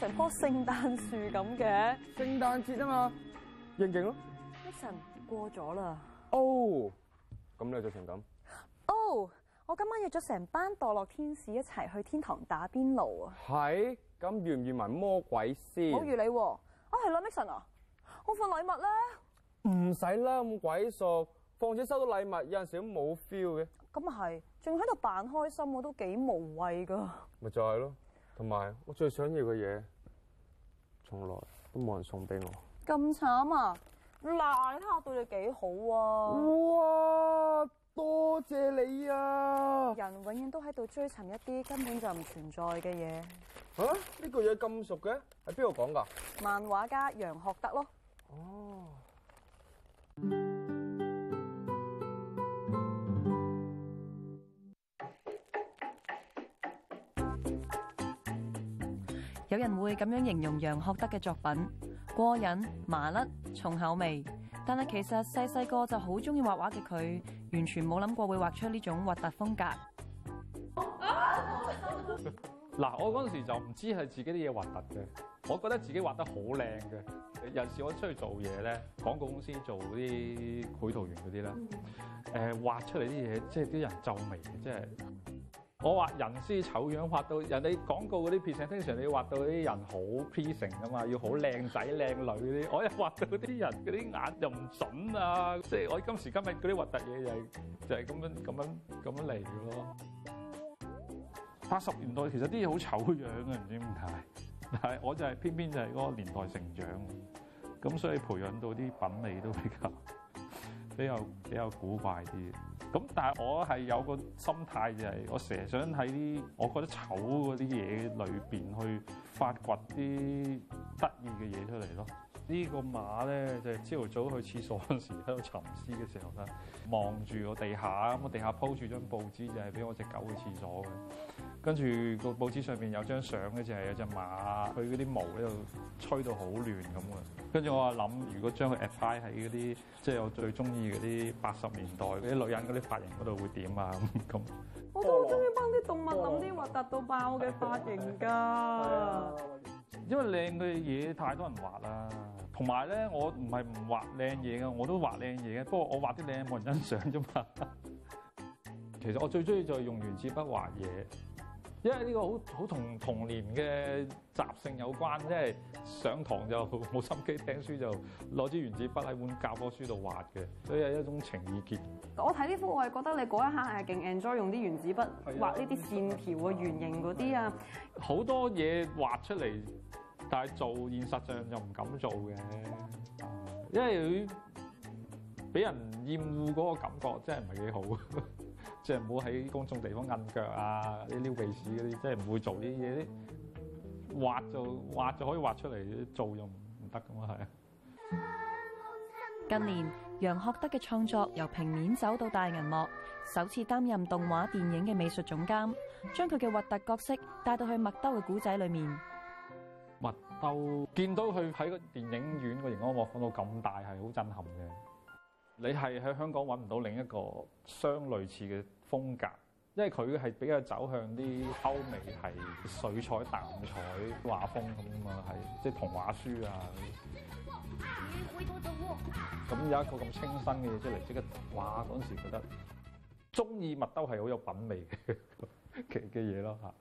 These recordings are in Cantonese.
成棵聖誕樹咁嘅，聖誕節啊嘛，應景咯。Nixon 過咗啦。哦，咁你就成咁。哦，我今晚約咗成班墮落天使一齊去天堂打邊爐啊。係，咁約唔約埋魔鬼先？唔好約你喎。啊，係啦，Nixon 啊，Nixon, 我份禮物啦！唔使啦，咁鬼熟，況且收到禮物有陣時都冇 feel 嘅。咁啊係，仲喺度扮開心，我都幾無謂噶。咪就係咯，同埋我最想要嘅嘢。從來都冇人送俾我，咁慘啊！嗱、啊，你睇下對你幾好啊！哇，多謝你啊！人永遠都喺度追尋一啲根本就唔存在嘅嘢。吓、啊，呢句嘢咁熟嘅，喺邊度講噶？漫畫家楊學德咯。哦。有人會咁樣形容楊學德嘅作品，過癮、麻甩、重口味。但係其實細細個就好中意畫畫嘅佢，完全冇諗過會畫出呢種核突風格。嗱、啊， 我嗰陣時就唔知係自己啲嘢核突嘅，我覺得自己畫得好靚嘅。有陣時我出去做嘢咧，廣告公司做啲繪圖員嗰啲咧，誒、嗯，畫、呃、出嚟啲嘢，即係啲人皺眉即係。我畫人先醜樣，畫到人哋廣告嗰啲 picture，通常你要畫到啲人好 picture 噶嘛，要好靚仔靚女嗰啲。我又畫到啲人嗰啲眼又唔準啊，即係我今時今日嗰啲核突嘢，就係就係咁樣咁樣咁樣嚟嘅咯。八十年代其實啲嘢好醜樣嘅，唔知點解，但係我就係、是、偏偏就係嗰個年代成長，咁所以培養到啲品味都比較比較比較，比較古怪啲。咁但係我係有個心態就係，我成日想喺啲我覺得醜嗰啲嘢裏邊去發掘啲得意嘅嘢出嚟咯。呢個馬咧就係朝頭早去廁所嗰時喺度 沉思嘅時候啦，望住個地下啊，咁個地下鋪住張報紙就係、是、俾我隻狗去廁所嘅，跟住個報紙上面有張相咧就係有隻馬，佢嗰啲毛喺度吹到好亂咁嘅，跟住我啊諗，如果將佢 apply 喺嗰啲即係我最中意嗰啲八十年代嗰啲女人嗰啲髮型嗰度會點啊咁咁。哦、 我都好中意幫啲動物諗啲核突到爆嘅髮型㗎。哎因為靚嘅嘢太多人畫啦，同埋咧我唔係唔畫靚嘢嘅，我都畫靚嘢嘅，不過我畫啲靚冇人欣賞啫嘛。 其實我最鍾意就係用原子筆畫嘢。因為呢個好好同童年嘅習性有關，即係上堂就冇心機聽書，就攞支原子筆喺本教科書度畫嘅，所以有一種情意結。我睇呢幅，我係覺得你嗰一刻係勁 enjoy 用啲原子筆畫呢啲線條啊、圓形嗰啲啊，好 多嘢畫出嚟，但係做現實上又唔敢做嘅，因為佢俾人厭惡嗰個感覺真係唔係幾好。即係唔好喺公眾地方韌腳啊，啲撩鼻屎嗰啲，即係唔會做呢啲嘢，啲畫就畫就可以畫出嚟，做又唔得㗎嘛，係。近年，楊學德嘅創作由平面走到大銀幕，首次擔任動畫電影嘅美術總監，將佢嘅核突角色帶到去麥兜嘅故仔裏面。麥兜，見到佢喺個電影院個熒光幕放到咁大，係好震撼嘅。你係喺香港揾唔到另一個相類似嘅風格，因為佢係比較走向啲歐美，係水彩淡彩畫風咁啊，係即係童話書啊。咁有一個咁清新嘅嘢嚟，即刻畫嗰陣時覺得中意物都係好有品味嘅嘅嘢咯嚇。 西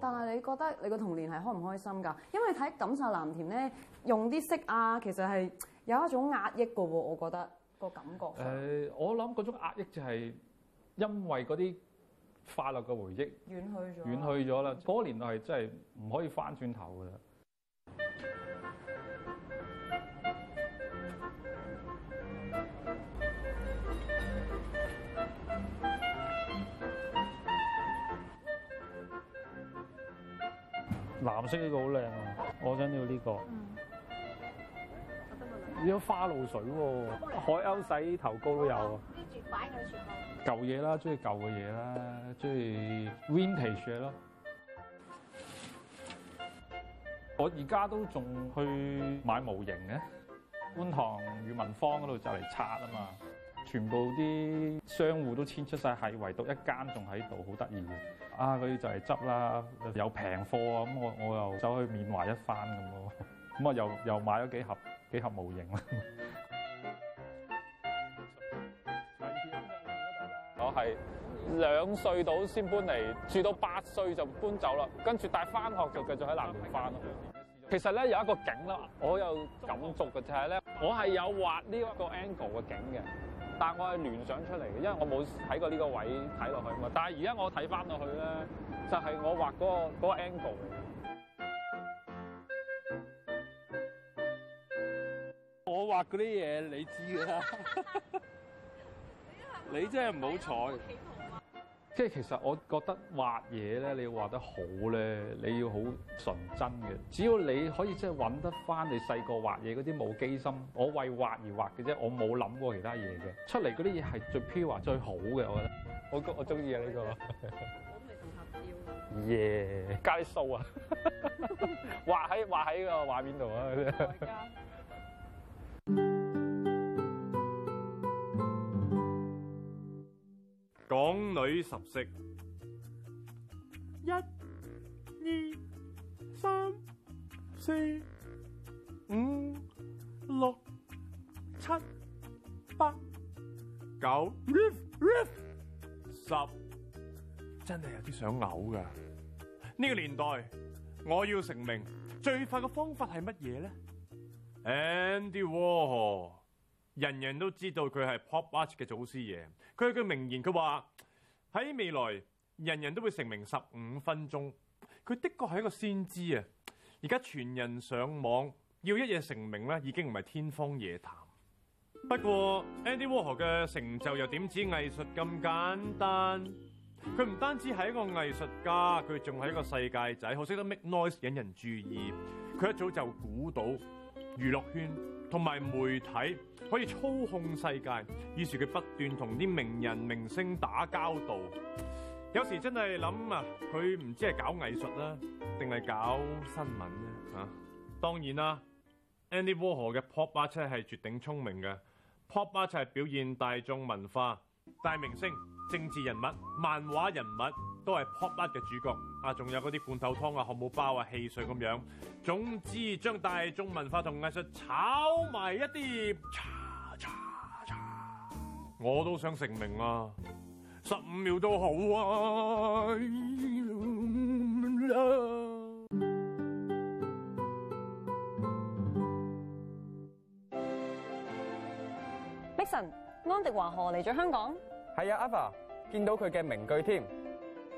但係你覺得你個童年係開唔開心㗎？因為睇《錦繡藍田》咧，用啲色啊，其實係。有一種壓抑嘅喎，我覺得、個感覺。誒、呃，我諗嗰種壓抑就係因為嗰啲快樂嘅回憶遠去咗，遠去咗啦。嗰、嗯、年代係真係唔可以翻轉頭㗎啦。嗯、藍色呢個好靚啊， 我想要呢、呢個。嗯啲花露水喎，啊，海鷗洗頭膏都有。啲絕版嘅舊嘢啦，中意舊嘅嘢啦，中意 vintage 嘢咯。我而家都仲去買模型嘅，觀塘裕民坊嗰度就嚟拆啊嘛，全部啲商戶都遷出晒，係唯獨一間仲喺度，好得意嘅。啊，嗰啲就係執啦，有平貨啊，咁我我又走去緬懷一番咁咯。咁啊，又又買咗幾盒。幾合模型啦。我係兩歲到先搬嚟，住到八歲就搬走啦。跟住帶翻學就繼續喺南門翻咯。其實咧有一個景啦，我有感觸嘅就係、是、咧，我係有畫呢一個 angle 嘅景嘅，但我係聯想出嚟嘅，因為我冇睇過呢個位睇落去啊嘛。但係而家我睇翻落去咧，就係、是、我畫嗰、那個嗰、那個 angle。畫嗰啲嘢，你知噶啦， 你真係唔好彩。即係其實我覺得畫嘢咧，你要畫得好咧，你要好純真嘅。只要你可以即係揾得翻你細個畫嘢嗰啲冇機心，我為畫而畫嘅啫，我冇諗過其他嘢嘅。出嚟嗰啲嘢係最 pure 最好嘅，我覺得。我覺我中意啊呢個。我未同合照。耶，加啲數啊！畫喺畫喺個畫面度啊！ 港女十色，一、二、三、四、五、六、七、八、九、Riff, Riff, 十，真係有啲想嘔噶。呢個年代，我要成名最快嘅方法係乜嘢咧？Andy Warhol。And 人人都知道佢係 Pop Art 嘅祖師爺。佢有句名言佢話：喺未來，人人都會成名十五分鐘。佢的確係一個先知啊！而家全人上網，要一夜成名咧，已經唔係天方夜譚。不過 Andy Warhol 嘅成就又點止藝術咁簡單？佢唔單止係一個藝術家，佢仲係一個世界仔，好識得 make noise 引人注意。佢一早就估到娛樂圈。同埋媒體可以操控世界，於是佢不斷同啲名人明星打交道。有時真係諗啊，佢唔知係搞藝術啦、啊，定係搞新聞呢？啊？嚇、啊。當然啦、啊，Andy Warhol 嘅 Pop 畫車係絕頂聰明嘅，Pop 畫車係表現大眾文化、大明星、政治人物、漫畫人物。都係 pop art 嘅主角啊！仲有嗰啲罐頭湯啊、漢堡包啊、汽水咁樣。總之，將大眾文化同藝術炒埋一碟。我都想成名啊！十五秒都好啊、哎嗯！Mixon，安迪華荷嚟咗香港，係啊 Eva 見到佢嘅名句添。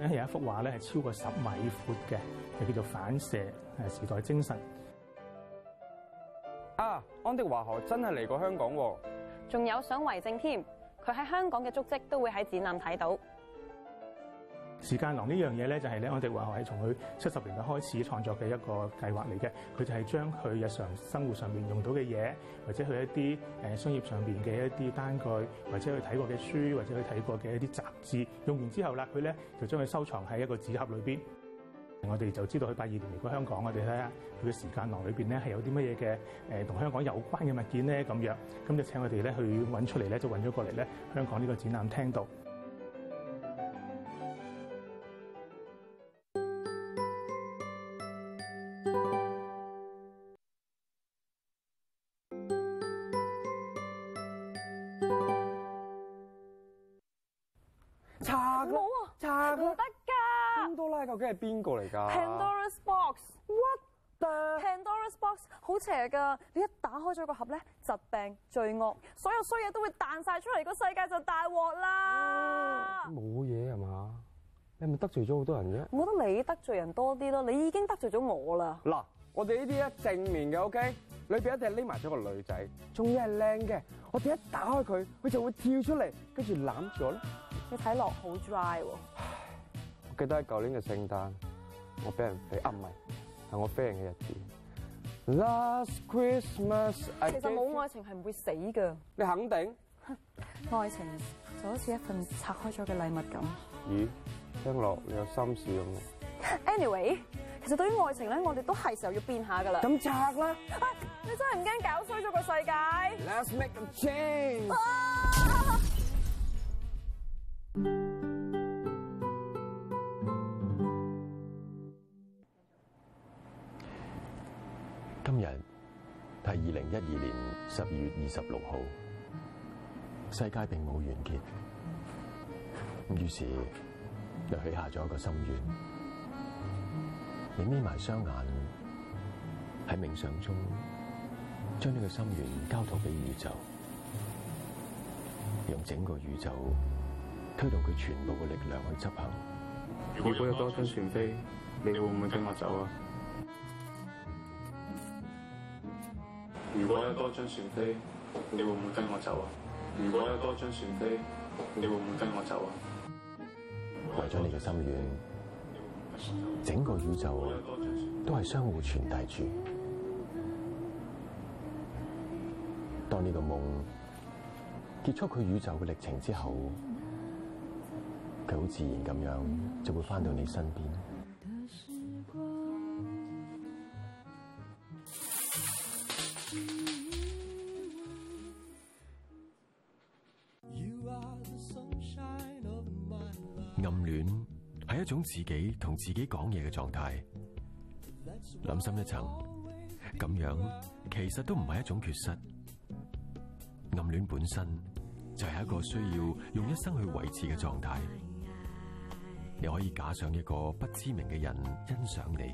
有一幅畫咧，係超過十米闊嘅，就叫做《反射》，係時代精神。啊，安迪·華荷真係嚟過香港喎，啊！仲有相為證添，佢喺香港嘅足跡都會喺展覽睇到。時間廊呢樣嘢咧，就係咧，安迪華荷係從佢七十年代開始創作嘅一個計劃嚟嘅。佢就係將佢日常生活上面用到嘅嘢，或者佢一啲誒商業上邊嘅一啲單據，或者佢睇過嘅書，或者佢睇過嘅一啲雜誌，用完之後啦，佢咧就將佢收藏喺一個紙盒裏邊。我哋就知道佢八二年嚟過香港，我哋睇下佢嘅時間廊裏邊咧係有啲乜嘢嘅誒同香港有關嘅物件咧咁樣。咁就請我哋咧去揾出嚟咧，就揾咗過嚟咧香港呢個展覽廳度。咁係邊個嚟㗎？Pandora's Box，what？Pandora's Box 好邪㗎！你一打開咗個盒咧，疾病、罪惡、所有衰嘢都會彈晒出嚟，個世界就大鑊啦！冇嘢係嘛？你係咪得罪咗好多人啫？我覺得你得罪人多啲咯，你已經得罪咗我啦！嗱，我哋呢啲咧正面嘅，OK？裏邊一定係匿埋咗個女仔，仲要係靚嘅。我哋一打開佢，佢就會跳出嚟，跟住攬咗咧。你睇落好 dry 喎！記得喺舊年嘅聖誕，我俾人俾噏埋，係我飛人嘅日子。Last Christmas，其實冇愛情係唔會死㗎。你肯定。愛情就好似一份拆開咗嘅禮物咁。咦？聽落你有心事咁。Anyway，其實對於愛情咧，我哋都係時候要變下㗎啦。咁拆啦！你真係唔驚搞衰咗個世界？Let's make a change！二零一二年十二月二十六號，世界並冇完結，於是又許下咗一個心願。你眯埋雙眼喺冥想中，將呢個心願交託俾宇宙，用整個宇宙推動佢全部嘅力量去執行。如果有多張船飛，你會唔會跟我走啊？如果有多張船飛，你會唔會跟我走啊？如果有多張船飛，你會唔會跟我走啊？為咗你嘅心願，整個宇宙都係相互傳遞住。當呢個夢結束佢宇宙嘅歷程之後，佢好自然咁樣就會返到你身邊。自己同自己講嘢嘅狀態，諗深一層，咁樣其實都唔係一種缺失。暗戀本身就係一個需要用一生去維持嘅狀態。你可以假想一個不知名嘅人欣賞你，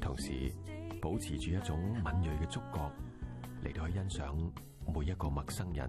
同時保持住一種敏銳嘅觸覺嚟到去欣賞每一個陌生人。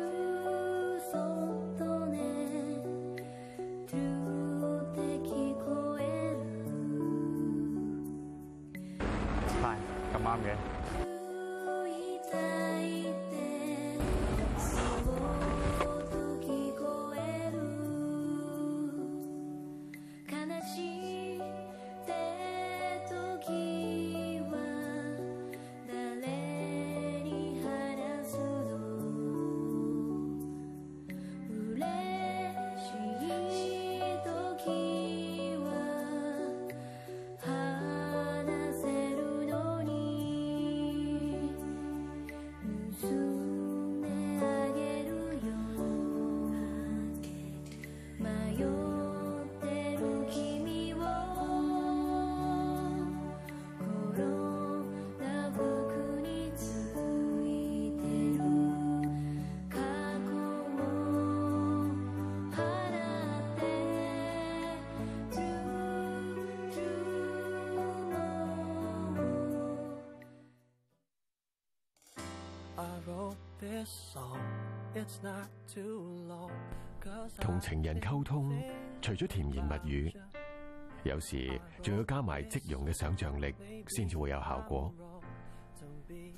同情人溝通，除咗甜言蜜語，有時仲要加埋即容嘅想象力，先至會有效果。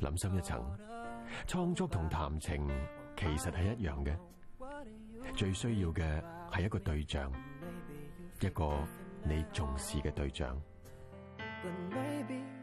諗深一層，創作同談情其實係一樣嘅，最需要嘅係一個對象，一個你重視嘅對象。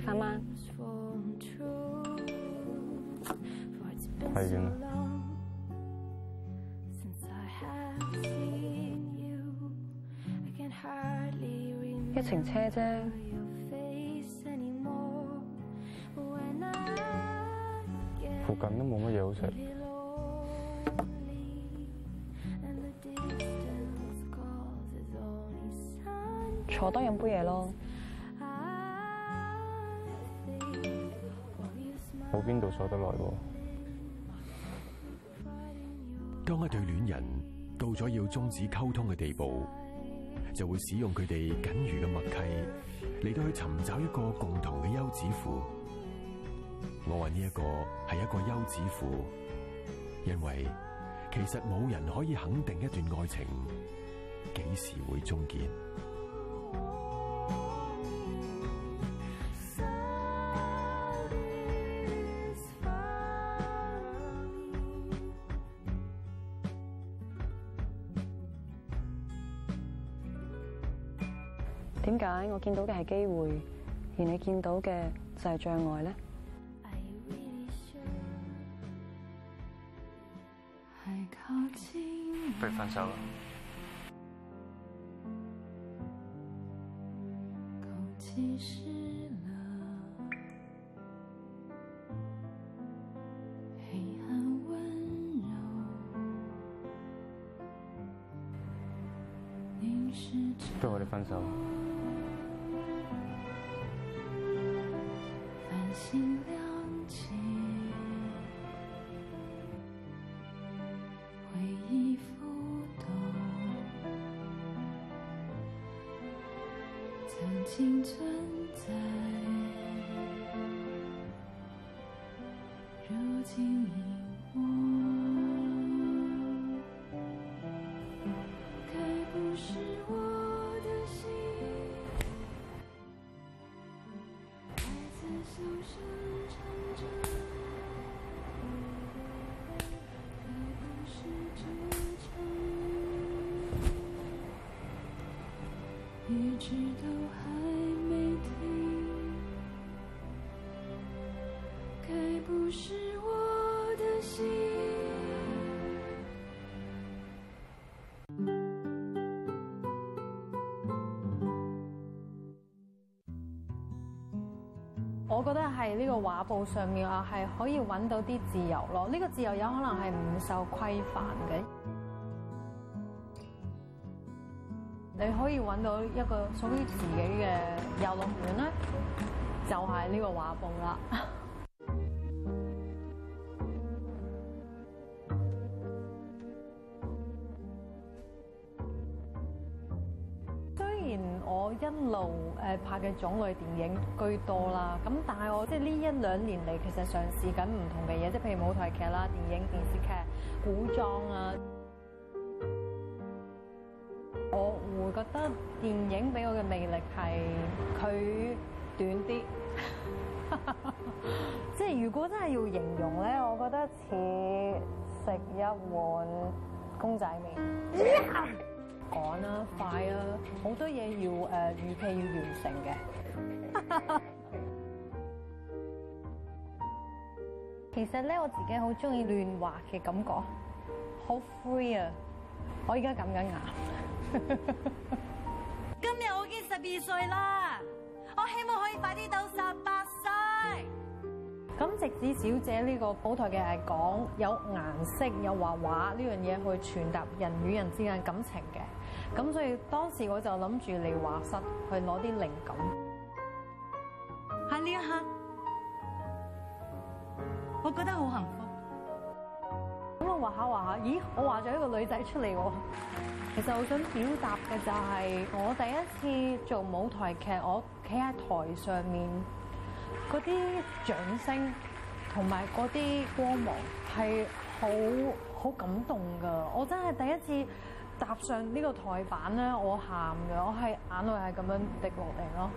翻嗎？係啊。一程車啫。附近都冇乜嘢好食。坐多飲杯嘢咯。坐得耐喎。當一對戀人到咗要終止溝通嘅地步，就會使用佢哋僅餘嘅默契嚟到去尋找一個共同嘅休止符。我話呢一個係一個休止符，因為其實冇人可以肯定一段愛情幾時會終結。見到嘅係機會，而你見到嘅就係障礙咧。如、really sure? 不如分手啦。我覺得係呢個畫布上面啊，係可以揾到啲自由咯。呢、呢個自由有可能係唔受規範嘅。你可以揾到一個屬於自己嘅遊樂園咧，就係、係、呢個畫布啦。 種類電影居多啦，咁但係我即係呢一兩年嚟，其實嘗試緊唔同嘅嘢，即係譬如舞台劇啦、電影、電視劇、古裝啊。 我會覺得電影俾我嘅魅力係佢短啲。 即係如果真係要形容咧，我覺得似食一碗公仔麵。 趕啦，快啦、啊，好、啊啊、多嘢要誒、呃、預期要完成嘅。 其實咧，我自己好中意亂畫嘅感覺，好 free 啊！我而家咁緊呀。 今日我已經十二歲啦，我希望可以快啲到十八歲。咁直子小姐呢個舞台劇係講有顏色，有畫畫呢樣嘢去傳達人與人之間感情嘅。咁所以當時我就諗住嚟畫室去攞啲靈感。喺呢一刻，我覺得好幸福。咁我畫下畫下，咦，我畫咗一個女仔出嚟喎。 其實我想表達嘅就係我第一次做舞台劇，我企喺台上面。嗰啲掌聲同埋嗰啲光芒係好好感動噶，我真係第一次踏上呢個台板咧，我喊嘅，我係眼淚係咁樣滴落嚟咯。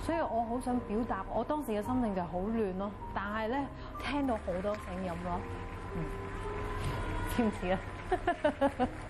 所以我好想表達，我當時嘅心情就係好亂咯。但係咧，聽到好多聲音咯，嗯，堅持啦。